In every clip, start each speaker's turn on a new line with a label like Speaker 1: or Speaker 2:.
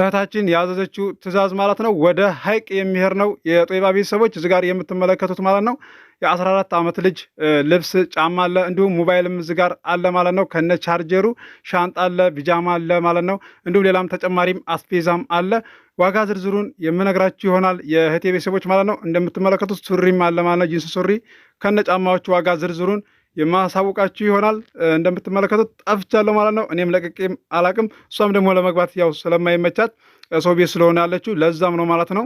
Speaker 1: እህታችን ያዘዘችው ትእዛዝ ማለት ነው። ወደ ሀይቅ የሚሄድ ነው የጦይባ ቤተሰቦች እዚህ ጋር የምትመለከቱት ማለት ነው። የ14 ዓመት ልጅ ልብስ፣ ጫማ አለ እንዲሁም ሞባይልም እዚህ ጋር አለ ማለት ነው። ከነ ቻርጀሩ ሻንጣ አለ፣ ቢጃማ አለ ማለት ነው። እንዲሁም ሌላም ተጨማሪም አስፔዛም አለ። ዋጋ ዝርዝሩን የምነግራችሁ ይሆናል የእህቴ ቤተሰቦች ማለት ነው። እንደምትመለከቱት ሱሪም አለ ማለት ነው። ጂንስ ሱሪ ከነ ጫማዎቹ ዋጋ ዝርዝሩን የማሳውቃችሁ ይሆናል። እንደምትመለከቱት ጠፍቻለሁ ማለት ነው። እኔም ለቅቄም አላቅም። እሷም ደግሞ ለመግባት ያው ስለማይመቻት ሰው ቤት ስለሆነ ያለችው ለዛም ነው ማለት ነው።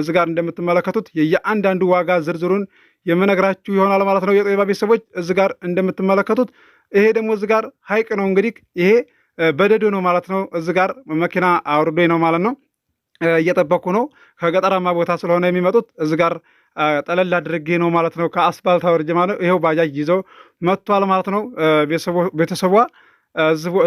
Speaker 1: እዚህ ጋር እንደምትመለከቱት የየአንዳንዱ ዋጋ ዝርዝሩን የምነግራችሁ ይሆናል ማለት ነው። የጦባ ቤተሰቦች እዚህ ጋር እንደምትመለከቱት ይሄ ደግሞ እዚህ ጋር ሀይቅ ነው እንግዲህ ይሄ በደዶ ነው ማለት ነው። እዚህ ጋር መኪና አውርዶኝ ነው ማለት ነው። እየጠበቁ ነው። ከገጠራማ ቦታ ስለሆነ የሚመጡት እዚ ጋር ጠለል አድርጌ ነው ማለት ነው። ከአስፋልት አውርጄ ማለት ነው። ይኸው ባጃጅ ይዘው መጥቷል ማለት ነው። ቤተሰቧ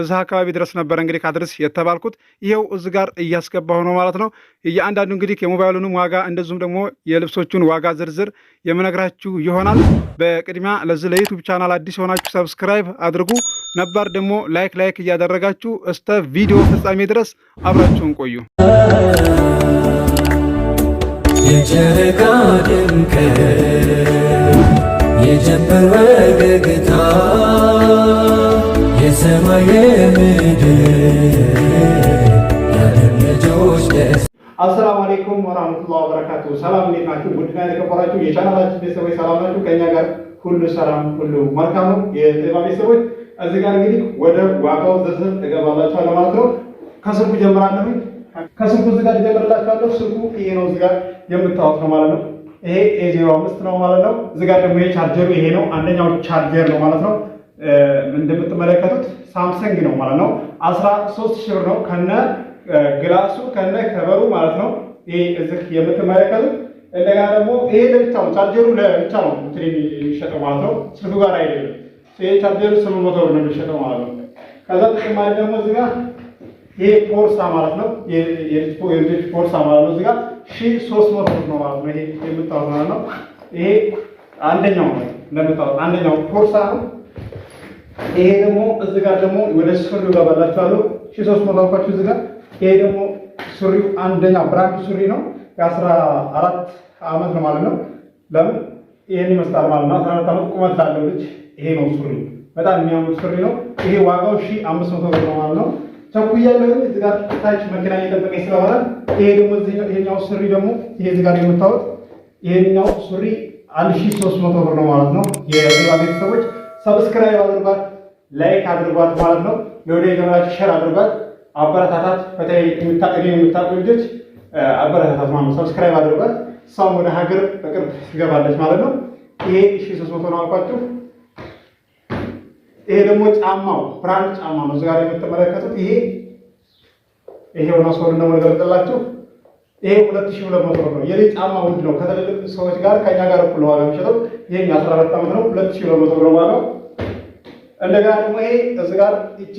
Speaker 1: እዚህ አካባቢ ድረስ ነበር እንግዲህ ካድርስ የተባልኩት ይኸው እዚ ጋር እያስገባሁ ነው ማለት ነው። እያንዳንዱ እንግዲህ የሞባይሉንም ዋጋ እንደዚሁም ደግሞ የልብሶቹን ዋጋ ዝርዝር የምነግራችሁ ይሆናል። በቅድሚያ ለዚህ ለዩቱብ ቻናል አዲስ የሆናችሁ ሰብስክራይብ አድርጉ፣ ነባር ደግሞ ላይክ ላይክ እያደረጋችሁ እስተ ቪዲዮ ፍጻሜ ድረስ አብራችሁን ቆዩ። የጨረቃ ድምቀት የጀንበር
Speaker 2: ፈገግታ የሰማይ ምድር የዓለም ልጆች ደስ አሰላሙ አለይኩም ወራህመቱላሂ ወበረካቱ። ሰላም እንዴት ናችሁ? ውድና የተከበራችሁ የቻናላችን ቤተሰቦች ሰላም ናችሁ? ከኛ ጋር ሁሉ ሰላም ሁሉ መልካም ነው። የጤና ቤተሰቦች እዚህ ጋር እንግዲህ ወደ ዋጋው ዝርዝር እገባላችኋለሁ ማለት ነው። ከስርኩ ጀምራለሁ። ከስልኩ እዚህ ጋር ጀምርላችኋለሁ። ስልኩ ይሄ ነው፣ እዚህ ጋር የምታወቅ ነው ማለት ነው። ይሄ ኤዜሮ አምስት ነው ማለት ነው። እዚህ ጋር ደግሞ ይሄ ቻርጀሩ ይሄ ነው፣ አንደኛው ቻርጀር ነው ማለት ነው። እንደምትመለከቱት ሳምሰንግ ነው ማለት ነው። አስራ ሶስት ሺህ ብር ነው ከነ ግላሱ ከነ ከበሩ ማለት ነው። ይሄ እዚህ የምትመለከቱት እንደገና ደግሞ ይሄ ለብቻው ቻርጀሩ ለብቻ ነው ትሬን የሚሸጠው ማለት ነው። ስልኩ ጋር አይደለም። ይሄ ቻርጀሩ ስምንት መቶ ብር ነው የሚሸጠው ማለት ነው። ከዛ ተጨማሪ ደግሞ እዚህ ጋር ይሄ ፖርሳ ማለት ነው። የልጅ ፖርሳ ማለት ነው። እዚጋ ሺ ሺህ መቶ ነው ማለት ነው። ይሄ የምታወት ማለት ነው። ይሄ አንደኛው ነው እንደምታወት አንደኛው ፖርሳ ነው። ይሄ ደግሞ እዚጋ ደግሞ ወደ ሱሪው ጋር ባላችኋለሁ ሺህ ሦስት መቶ አልኳችሁ እዚህ ጋር። ይሄ ደግሞ ሱሪው አንደኛ ብራንድ ሱሪ ነው። የአስራ አራት ነው ማለት ነው። ለምን ይመስላል ማለት ነው። አስራ አራት አመት ቁመት ላለው ልጅ ይሄ ነው ሱሪ። በጣም የሚያምር ሱሪ ነው። ይሄ ዋጋው ሺ አምስት መቶ ብር ነው ማለት ነው። ተኩያለሁ እዚህ ጋር ታች መኪና እየጠበቀኝ ስለሆነ ይሄ ደግሞ ይሄኛው ሱሪ ደግሞ ይሄ እዚህ ጋር የምታወጥ ይሄኛው ሱሪ አንድ ብር ነው ማለት ነው። የዜባ ቤተሰቦች ሰብስክራይብ አድርጓት፣ ላይክ አድርጓት ማለት ነው። ለወደ የገበላችሁ ሸር አድርጓት፣ አበረታታት። በተለይ የምታቀሪ የምታቁ ልጆች አበረታታት ማለት ነው። ሰብስክራይብ አድርጓት። እሷም ወደ ሀገር በቅርብ ትገባለች ማለት ነው። ይሄ ሺህ ነው አልኳችሁ። ይሄ ደግሞ ጫማው ብራንድ ጫማ ነው። እዚህ ጋር የምትመለከቱት ይሄ ይሄ ነው ሰው ነው የምንገልጥላችሁ። ይሄ 2200 ብር ነው። የኔ ጫማ ውድ ነው። ከትልልቅ ሰዎች ጋር ከኛ ጋር እኩል ዋጋ የሚሸጠው። ይሄ 14 ዓመት ነው 2200 ብር ዋጋው። እንደገና ደግሞ ይሄ እዚህ ጋር እቺ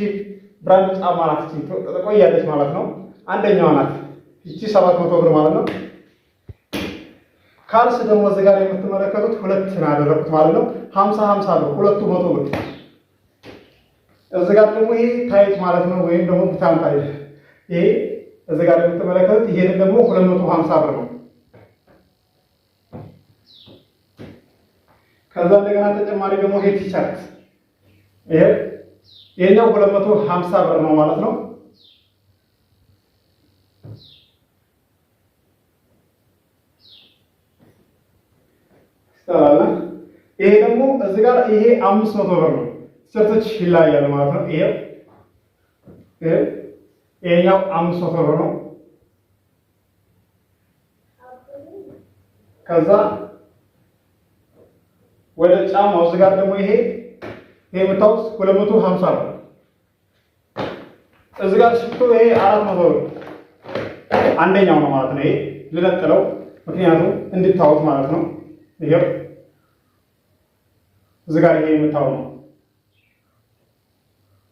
Speaker 2: ብራንድ ጫማ ናት። እቺ ተቆያለች ማለት ነው። አንደኛዋ ናት እቺ 700 ብር ማለት ነው። ካልስ ደግሞ እዚህ ጋር የምትመለከቱት ሁለት ነው ያደረኩት ማለት ነው። 50 50 ብር ሁለቱ መቶ ብር እዚህ ጋር ደግሞ ይሄ ታይት ማለት ነው፣ ወይም ደግሞ ብታን ታይት። ይሄ እዚህ ጋር የምትመለከቱት ይሄን ደግሞ 250 ብር ነው። ከዛ እንደገና ተጨማሪ ደግሞ ይሄ ቲሸርት ይሄ የኛው 250 ብር ነው ማለት ነው። ይሄ ደግሞ እዚህ ጋር ይሄ 500 ብር ነው። ሰርተች ይለያያሉ ማለት ነው። ይሄ ይሄኛው አምስት መቶ ብር ነው። ከዛ ወደ ጫማው እዚህ ጋር ደግሞ ይሄ ይሄ የምታውስ ሁለት መቶ እዚህ ጋር ሽቶ ይሄ አራት ብር አንደኛው ነው ማለት ነው። ይሄ ልነጥለው ምክንያቱም እንድታወት ማለት ነው። ይሄ እዚህ ጋር ይሄ የምታው ነው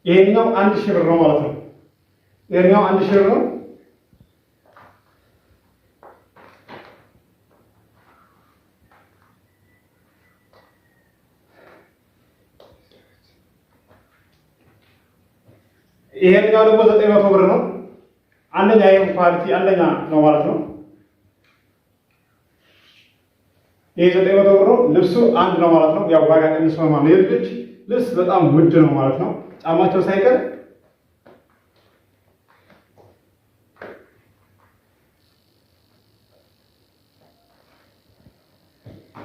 Speaker 2: ይሄኛው አንድ ሺህ ብር ነው ማለት ነው። ይሄኛው አንድ ሺህ ብር ነው። ይሄኛው ደግሞ ዘጠኝ መቶ ብር ነው። አንደኛ ይሄን ኳሊቲ አንደኛ ነው ማለት ነው። ይሄ ዘጠኝ መቶ ብር ነው። ልብሱ አንድ ነው ማለት ነው። ያው ዋጋ ቀንስ ነው ማለት ነው። ልብስ በጣም ውድ ነው ማለት ነው። ጫማቸው ሳይቀር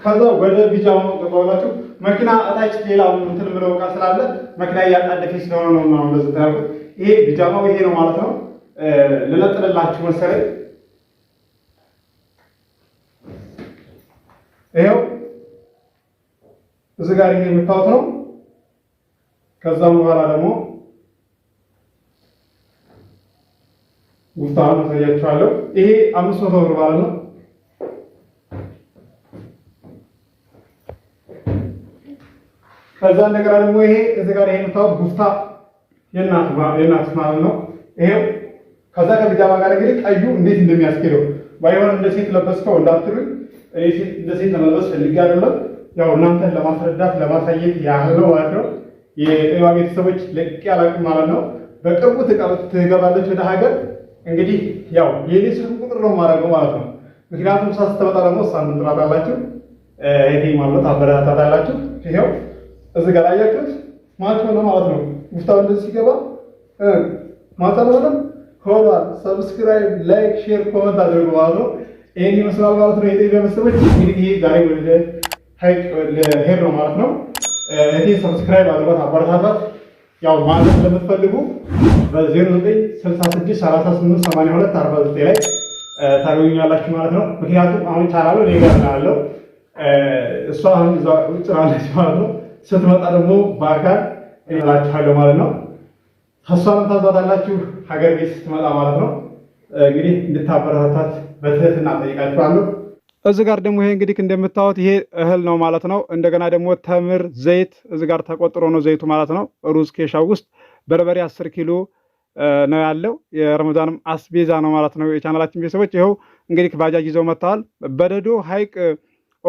Speaker 2: ከዛ ወደ ቢጃማ ገባላችሁ። መኪና አታች ሌላ እንትን ብለው ዕቃ ስላለ መኪና እያጣደፊ ስለሆነ ነው ምናምን በዚህ ታያቁ። ይሄ ቢጃማው ይሄ ነው ማለት ነው። ልለጥልላችሁ መሰለኝ ይኸው እዚህ ጋር ይሄ የምታዩት ነው። ከዛም በኋላ ደግሞ ውስጣን አሳያችኋለሁ። ይሄ አምስት መቶ ብር ማለት ነው። ከዛ እንደገና ደግሞ ይሄ እዚህ ጋር ይሄ የምታዩት ጉፍታ የእናት የእናት ማለት ነው። ይሄው ከዛ ከቢጃማ ጋር እንግዲህ ቀዩ እንዴት እንደሚያስኬደው ባይሆን እንደ ሴት ለበስከው እንዳትሉኝ። እኔ ሴት እንደ ሴት ለመልበስ ፈልጌ አይደለም፣ ያው እናንተን ለማስረዳት ለማሳየት ያህል ነው ማለት ነው። የጤና ቤተሰቦች ለቅቄ አላውቅም ማለት ነው። በቅርቡ ትገባለች ወደ ሀገር። እንግዲህ ያው የኔ ስልክ ቁጥር ነው የማደርገው ማለት ነው። ምክንያቱም እሷ ስትመጣ ደግሞ እሷን ጥራት አላችሁ ይሄ ማለት አበረታታት አላችሁ። ይኸው እዚህ ጋር አያችሁት ማች ሆነ ማለት ነው። ሙፍታው እንደዚህ ሲገባ ማተር ሆነ ሆኗል። ሰብስክራይብ፣ ላይክ፣ ሼር፣ ኮመንት አድርጉ ማለት ነው። ይህን ይመስላል ማለት ነው። የጤና ቤተሰቦች እንግዲህ ዛሬ ወደ ሀይቅ ሄድ ነው ማለት ነው። እቴ ሰብስክራይብ አድርጓት አበረታታት። ያው ማለት ለምትፈልጉ በ0966388249 ላይ ታገኙኛላችሁ ማለት ነው። ምክንያቱም አሁን ቻናሉ እኔ ጋር ነው ያለው፣ እሷ አሁን እዛ ውጭ ናለች ማለት ነው። ስትመጣ ደግሞ በአካል እላችኋለሁ ማለት ነው። ተሷንም ታዟታላችሁ ሀገር ቤት ስትመጣ ማለት ነው። እንግዲህ እንድታበረታታት በትህትና ጠይቃችኋለሁ።
Speaker 1: እዚህ ጋር ደግሞ ይሄ እንግዲህ እንደምታዩት ይሄ እህል ነው ማለት ነው። እንደገና ደግሞ ተምር፣ ዘይት እዚ ጋር ተቆጥሮ ነው ዘይቱ ማለት ነው። ሩዝ ኬሻው ውስጥ በርበሬ አስር ኪሎ ነው ያለው። የረመዛንም አስቤዛ ነው ማለት ነው። የቻናላችን ቤተሰቦች ይኸው እንግዲህ ባጃጅ ይዘው መጥተዋል። በደዶ ሀይቅ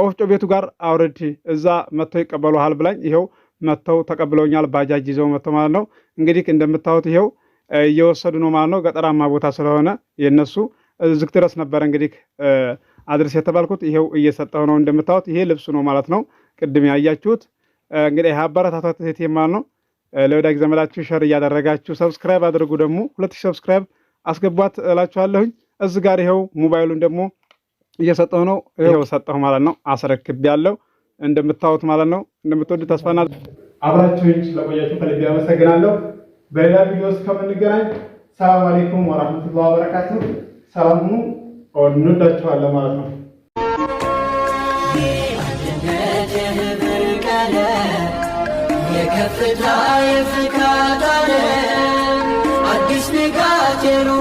Speaker 1: ወፍጮ ቤቱ ጋር አውርድ እዛ መጥተው ይቀበሉሃል ብላኝ ይኸው መጥተው ተቀብለውኛል። ባጃጅ ይዘው መጥተው ማለት ነው። እንግዲህ እንደምታዩት ይኸው እየወሰዱ ነው ማለት ነው። ገጠራማ ቦታ ስለሆነ የነሱ ዝግ ድረስ ነበረ እንግዲህ አድርስ የተባልኩት ይሄው እየሰጠው ነው። እንደምታዩት ይሄ ልብሱ ነው ማለት ነው። ቅድም ያያችሁት እንግዲህ ይህ አበረታታት እህቴ ማለት ነው። ለወዳጅ ዘመዳችሁ ሸር እያደረጋችሁ ሰብስክራይብ አድርጉ። ደግሞ ሁለት ሺህ ሰብስክራይብ አስገቧት እላችኋለሁኝ። እዚህ ጋር ይኸው ሞባይሉን ደግሞ እየሰጠው ነው። ይኸው ሰጠሁ ማለት ነው። አስረክብ ያለው እንደምታዩት ማለት ነው። እንደምትወዱ ተስፋና
Speaker 2: አብራችሁኝ ስለቆያችሁ ከልቤ አመሰግናለሁ። በሌላ ቪዲዮ እስከምንገናኝ ሰላም አሌይኩም ወራህመቱላሂ ወበረካቱ። ሰላም ሁኑ። እንወዳችኋለን ማለት ነው። የከፍታ የፍካት አዲስ ንጋት የሩ